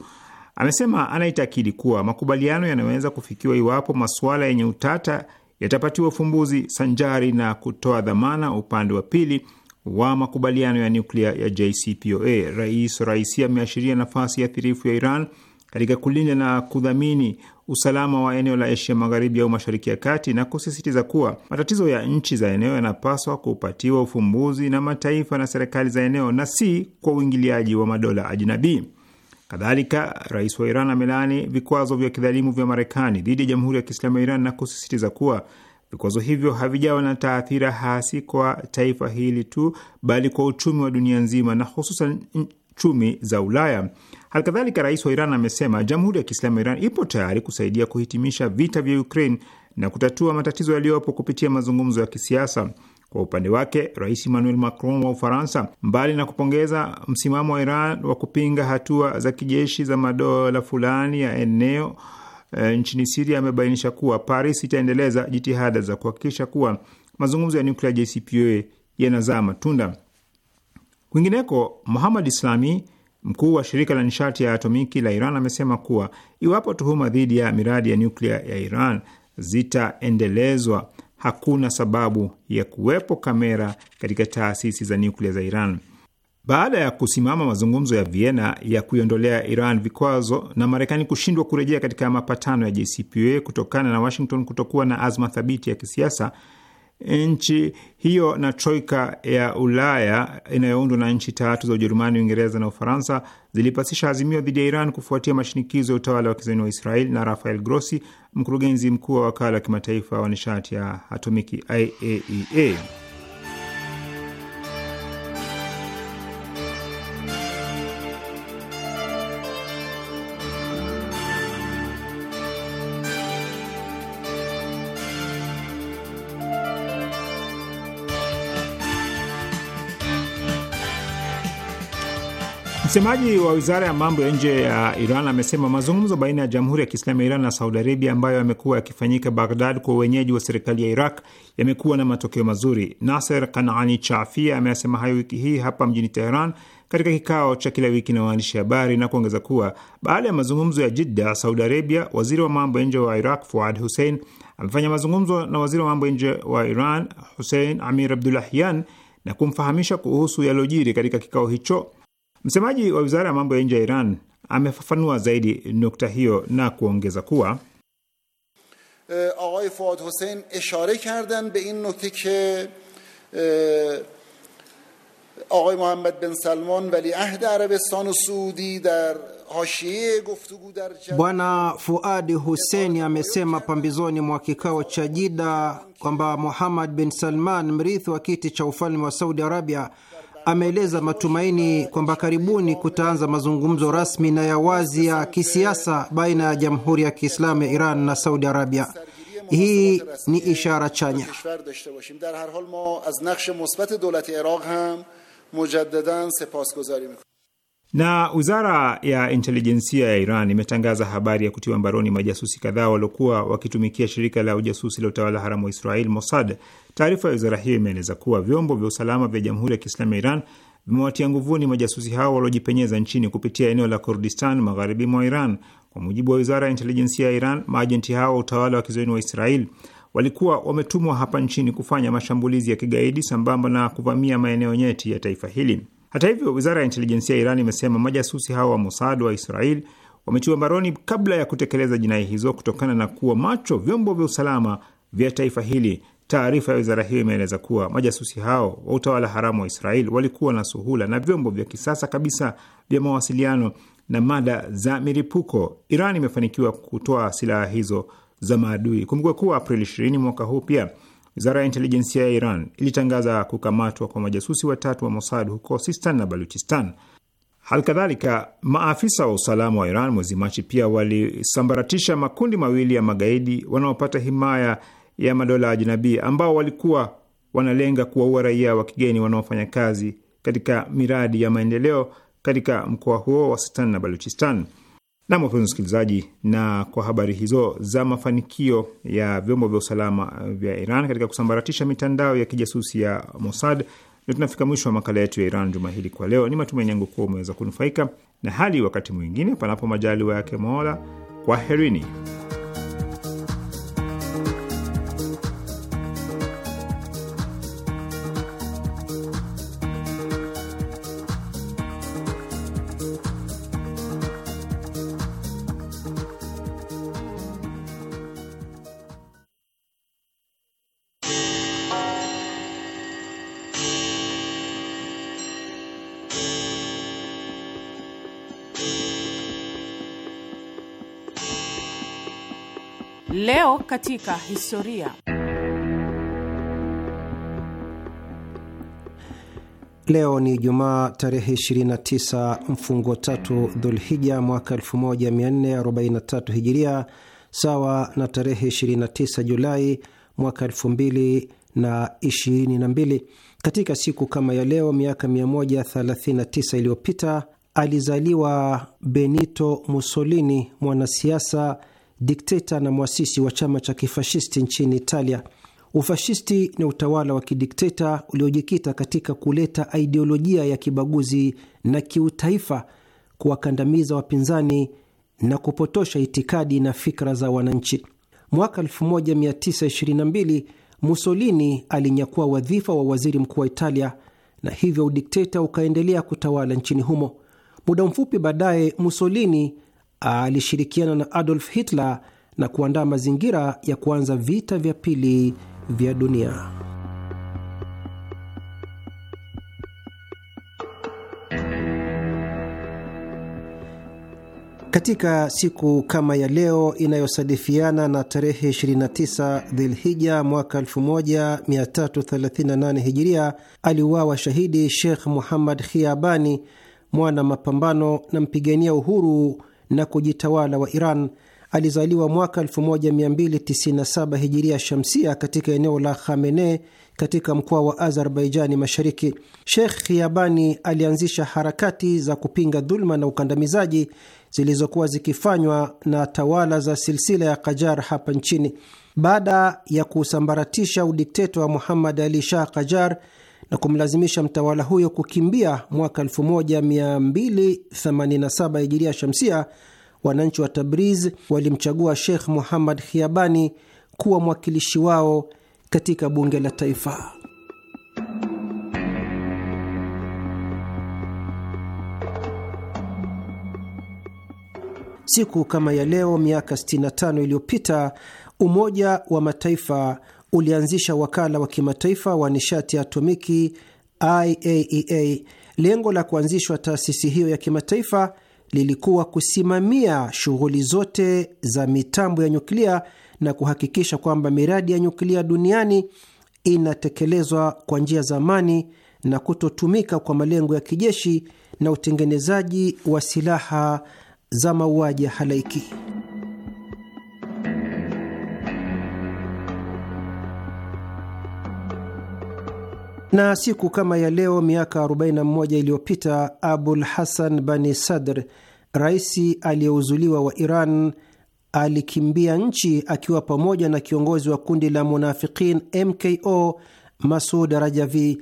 C: Amesema anaitakidi kuwa makubaliano yanaweza kufikiwa iwapo masuala yenye utata yatapatiwa ufumbuzi sanjari na kutoa dhamana upande wa pili wa makubaliano ya nyuklia ya JCPOA. Rais Raisi ameashiria nafasi ya thirifu ya Iran katika kulinda na kudhamini usalama wa eneo la Asia Magharibi au Mashariki ya Kati na kusisitiza kuwa matatizo ya nchi za eneo yanapaswa kupatiwa ufumbuzi na mataifa na serikali za eneo na si kwa uingiliaji wa madola ajinabii. Kadhalika, rais wa Iran amelaani vikwazo vya kidhalimu vya Marekani dhidi ya Jamhuri ya Kiislamu ya Iran na kusisitiza kuwa vikwazo hivyo havijawa na taathira hasi kwa taifa hili tu, bali kwa uchumi wa dunia nzima na hususan chumi za Ulaya. Halikadhalika, rais wa Iran amesema Jamhuri ya Kiislamu ya Iran ipo tayari kusaidia kuhitimisha vita vya Ukraine na kutatua matatizo yaliyopo kupitia mazungumzo ya kisiasa. Kwa upande wake Rais Emmanuel Macron wa Ufaransa, mbali na kupongeza msimamo wa Iran wa kupinga hatua za kijeshi za madola fulani ya eneo e, nchini Siria, amebainisha kuwa Paris itaendeleza jitihada za kuhakikisha kuwa mazungumzo ya nuklia JCPOA yanazaa matunda. Kwingineko, Muhamad Islami, mkuu wa shirika la nishati ya atomiki la Iran, amesema kuwa iwapo tuhuma dhidi ya miradi ya nyuklia ya Iran zitaendelezwa hakuna sababu ya kuwepo kamera katika taasisi za nyuklia za Iran. Baada ya kusimama mazungumzo ya Vienna ya kuiondolea Iran vikwazo na Marekani kushindwa kurejea katika mapatano ya JCPOA kutokana na Washington kutokuwa na azma thabiti ya kisiasa, nchi hiyo na troika ya Ulaya inayoundwa na nchi tatu za Ujerumani, Uingereza na Ufaransa zilipasisha azimio dhidi ya Iran kufuatia mashinikizo ya utawala wa kizayuni wa Israel na Rafael Grossi, mkurugenzi mkuu wa wakala wa kimataifa wa nishati ya atomiki IAEA. E Msemaji wa wizara ya mambo ya nje ya Iran amesema mazungumzo baina ya Jamhuri ya Kiislamu ya Iran na Saudi Arabia ambayo yamekuwa yakifanyika Baghdad kwa wenyeji wa serikali ya Iraq yamekuwa na matokeo mazuri. Nasser Kanaani Chafia ameyasema hayo wiki hii hapa mjini Teheran katika kikao cha kila wiki na waandishi habari na kuongeza kuwa baada ya mazungumzo ya Jidda, Saudi Arabia, waziri wa mambo ya nje wa Iraq Fuad Hussein amefanya mazungumzo na waziri wa mambo ya nje wa Iran Hussein Amir Abdulahian na kumfahamisha kuhusu yaliyojiri katika kikao hicho Msemaji wa wizara ya mambo ya nje ya Iran amefafanua zaidi nukta hiyo na kuongeza kuwa
B: Aghay Fuad Hussein ishare kardan be in nukte ke Aghay Muhammad bin Salman wali ahd Arabistan u Saudi dar Bwana Fuadi Hussein amesema pambizoni mwa kikao cha Jida kwamba Muhammad bin Salman, mrithi wa kiti cha ufalme wa Saudi Arabia, ameeleza matumaini kwamba karibuni kutaanza mazungumzo rasmi na ya wazi ya kisiasa baina ya Jamhuri ya Kiislamu ya Iran na Saudi Arabia.
C: Hii ni ishara chanya. Na wizara ya intelijensia ya Iran imetangaza habari ya kutiwa mbaroni majasusi kadhaa waliokuwa wakitumikia shirika la ujasusi la utawala haramu wa Israel, Mossad. Taarifa ya wizara hiyo imeeleza kuwa vyombo vya usalama vya Jamhuri ya Kiislamu ya Iran vimewatia nguvuni majasusi hao waliojipenyeza nchini kupitia eneo la Kurdistan, magharibi mwa Iran. Kwa mujibu wa wizara ya intelijensia ya Iran, maajenti hao wa utawala wa kizoeni wa Israel walikuwa wametumwa hapa nchini kufanya mashambulizi ya kigaidi sambamba na kuvamia maeneo nyeti ya taifa hili. Hata hivyo, wizara ya intelijensia ya Iran imesema majasusi hao wa Mossad wa Israel wametiwa mbaroni kabla ya kutekeleza jinai hizo kutokana na kuwa macho vyombo vya usalama vya taifa hili. Taarifa ya wizara hiyo imeeleza kuwa majasusi hao wa utawala haramu wa Israel walikuwa na suhula na vyombo vya kisasa kabisa vya mawasiliano na mada za milipuko. Iran imefanikiwa kutoa silaha hizo za maadui. Kumbuka kuwa Aprili 20 mwaka huu pia Wizara ya intelijensia ya Iran ilitangaza kukamatwa kwa majasusi watatu wa Mossad huko Sistan na Baluchistan. Halikadhalika, maafisa wa usalama wa Iran mwezi Machi pia walisambaratisha makundi mawili ya magaidi wanaopata himaya ya madola jinabii ambao walikuwa wanalenga kuwaua raia wa kigeni wanaofanya kazi katika miradi ya maendeleo katika mkoa huo wa Sistan na Baluchistan. Nam, wapenzi msikilizaji, na kwa habari hizo za mafanikio ya vyombo vya usalama vya Iran katika kusambaratisha mitandao ya kijasusi ya Mossad, ndio tunafika mwisho wa makala yetu ya Iran juma hili. Kwa leo, ni matumaini yangu kuwa umeweza kunufaika na hali. Wakati mwingine, panapo majaliwa yake Mola, kwaherini.
D: katika historia.
B: Leo ni Jumaa tarehe 29 mfungo tatu Dhulhija mwaka 1443 Hijiria, sawa na tarehe 29 Julai mwaka 2022. Katika siku kama ya leo miaka 139 iliyopita alizaliwa Benito Mussolini, mwanasiasa dikteta na mwasisi wa chama cha kifashisti nchini Italia. Ufashisti ni utawala wa kidikteta uliojikita katika kuleta idiolojia ya kibaguzi na kiutaifa, kuwakandamiza wapinzani na kupotosha itikadi na fikra za wananchi. Mwaka 1922 Mussolini alinyakua wadhifa wa waziri mkuu wa Italia na hivyo udikteta ukaendelea kutawala nchini humo. Muda mfupi baadaye, Mussolini alishirikiana na Adolf Hitler na kuandaa mazingira ya kuanza vita vya pili vya dunia. Katika siku kama ya leo inayosadifiana na tarehe 29 Dhilhija mwaka 1338 Hijiria, aliuawa shahidi Sheikh Muhammad Khiabani, mwana mapambano na mpigania uhuru na kujitawala wa Iran. Alizaliwa mwaka 1297 hijiria shamsia katika eneo la khamene katika mkoa wa Azerbaijani Mashariki. Sheikh Khiabani alianzisha harakati za kupinga dhuluma na ukandamizaji zilizokuwa zikifanywa na tawala za silsila ya Kajar hapa nchini. Baada ya kusambaratisha udikteta wa Muhammad Ali Shah Kajar, na kumlazimisha mtawala huyo kukimbia mwaka 1287 hijiria shamsia. Wananchi wa Tabriz walimchagua Sheikh Muhammad Khiabani kuwa mwakilishi wao katika bunge la taifa. Siku kama ya leo miaka 65 iliyopita Umoja wa Mataifa ulianzisha wakala wa kimataifa wa nishati ya atomiki IAEA. E Lengo la kuanzishwa taasisi hiyo ya kimataifa lilikuwa kusimamia shughuli zote za mitambo ya nyuklia na kuhakikisha kwamba miradi ya nyuklia duniani inatekelezwa kwa njia za amani na kutotumika kwa malengo ya kijeshi na utengenezaji wa silaha za mauaji ya halaiki. Na siku kama ya leo miaka 41 iliyopita Abul Hasan Bani Sadr, raisi aliyeuzuliwa wa Iran, alikimbia nchi akiwa pamoja na kiongozi wa kundi la Munafikin mko Masud Rajavi.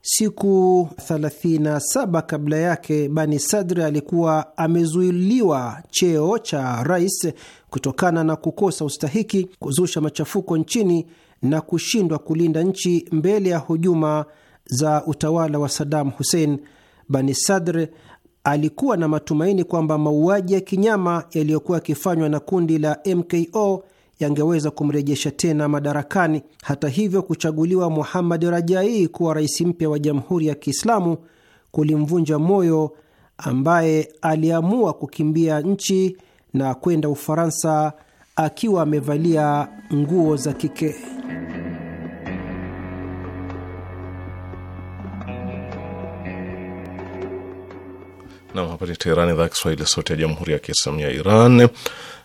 B: Siku 37 kabla yake Bani Sadri alikuwa amezuiliwa cheo cha rais kutokana na kukosa ustahiki, kuzusha machafuko nchini na kushindwa kulinda nchi mbele ya hujuma za utawala wa Saddam Hussein, Bani Sadr alikuwa na matumaini kwamba mauaji ya kinyama yaliyokuwa yakifanywa na kundi la MKO yangeweza kumrejesha tena madarakani. Hata hivyo, kuchaguliwa Muhammad Rajai kuwa rais mpya wa Jamhuri ya Kiislamu kulimvunja moyo, ambaye aliamua kukimbia nchi na kwenda Ufaransa akiwa amevalia nguo za kike.
A: Nam, hapa ni Teherani, idhaa ya Kiswahili, sauti ya jamhuri ya kiislamu ya Iran.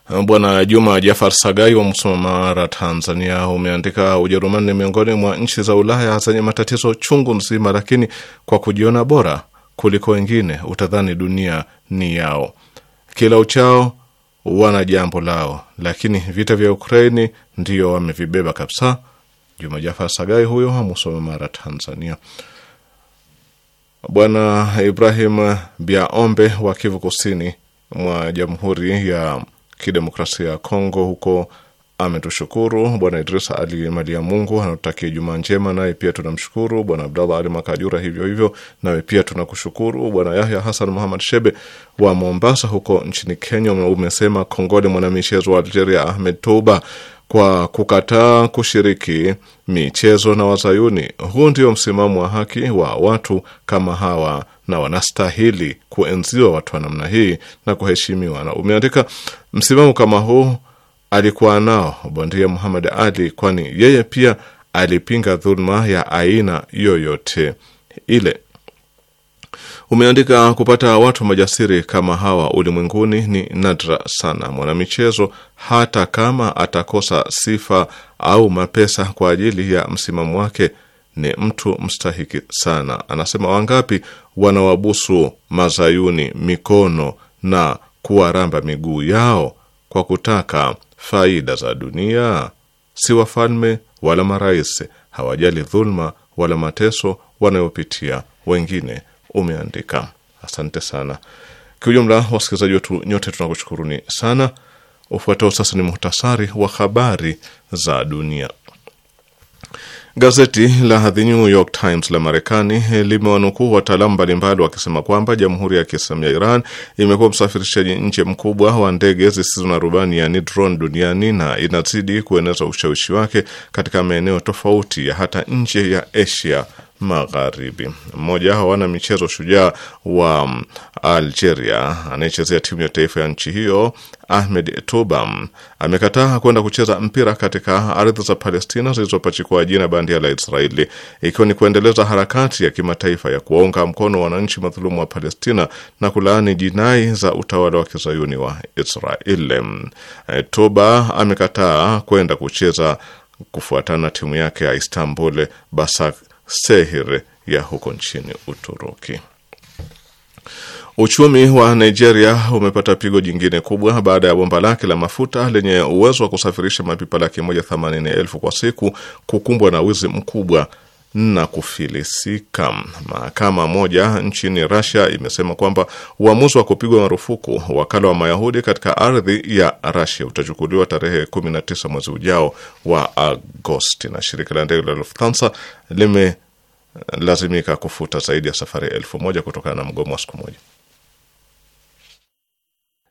A: Uh, Bwana Juma Jafar Sagai wa Musoma, Mara, Tanzania, umeandika Ujerumani ni miongoni mwa nchi za Ulaya zenye matatizo chungu nzima, lakini kwa kujiona bora kuliko wengine utadhani dunia ni yao. Kila uchao wana jambo lao, lakini vita vya Ukraini ndiyo wamevibeba kabisa. Juma Jafar Sagai huyo wa Musoma, Mara, Tanzania. Bwana Ibrahim Biaombe wa Kivu Kusini mwa Jamhuri ya Kidemokrasia ya Kongo huko ametushukuru. Bwana Idrisa Ali Malia Mungu anatutakia Jumaa njema, naye pia tunamshukuru. Bwana Abdallah Ali Makajura hivyo hivyo, nawe pia tunakushukuru. Bwana Yahya Hasan Muhamad Shebe wa Mombasa huko nchini Kenya umesema kongole mwanamichezo wa Algeria Ahmed Touba kwa kukataa kushiriki michezo na Wazayuni. Huu ndio msimamo wa haki wa watu kama hawa, na wanastahili kuenziwa watu wa namna hii na kuheshimiwa. Na umeandika msimamo kama huu alikuwa nao bondia Muhammad Ali, kwani yeye pia alipinga dhuluma ya aina yoyote ile. Umeandika, kupata watu majasiri kama hawa ulimwenguni ni nadra sana. Mwanamichezo hata kama atakosa sifa au mapesa kwa ajili ya msimamo wake ni mtu mstahiki sana. Anasema, wangapi wanawabusu mazayuni mikono na kuwaramba miguu yao kwa kutaka faida za dunia? Si wafalme wala marais hawajali dhulma wala mateso wanayopitia wengine, umeandika. Asante sana. Kiujumla, wasikilizaji wetu nyote tunakushukuruni sana. Ufuatao sasa ni muhtasari wa habari za dunia. Gazeti la The New York Times la Marekani eh, limewanukuu wataalamu mbalimbali wakisema kwamba Jamhuri ya Kiislamu ya Iran imekuwa msafirishaji nje mkubwa wa ndege zisizo na rubani yani drone duniani na inazidi kueneza ushawishi wake katika maeneo tofauti ya hata nje ya Asia Magharibi. Mmoja hao wana michezo shujaa wa mm, Algeria anayechezea timu ya taifa ya nchi hiyo Ahmed Tobam amekataa kwenda kucheza mpira katika ardhi za Palestina zilizopachikwa jina bandia la Israeli, ikiwa ni kuendeleza harakati ya kimataifa ya kuwaunga mkono wananchi madhulumu wa Palestina na kulaani jinai za utawala wa kizayuni wa Israeli. Eh, Toba amekataa kwenda kucheza kufuatana na timu yake ya Istanbul Basak Sehir ya huko nchini Uturuki. Uchumi wa Nigeria umepata pigo jingine kubwa baada ya bomba lake la mafuta lenye uwezo wa kusafirisha mapipa laki moja themanini elfu kwa siku kukumbwa na wizi mkubwa na kufilisika. Mahakama moja nchini Russia imesema kwamba uamuzi wa kupigwa marufuku wakala wa Mayahudi katika ardhi ya Russia utachukuliwa tarehe 19 mwezi ujao wa Agosti, na shirika la ndege la Lufthansa limelazimika kufuta zaidi ya safari elfu moja kutokana na mgomo wa siku moja.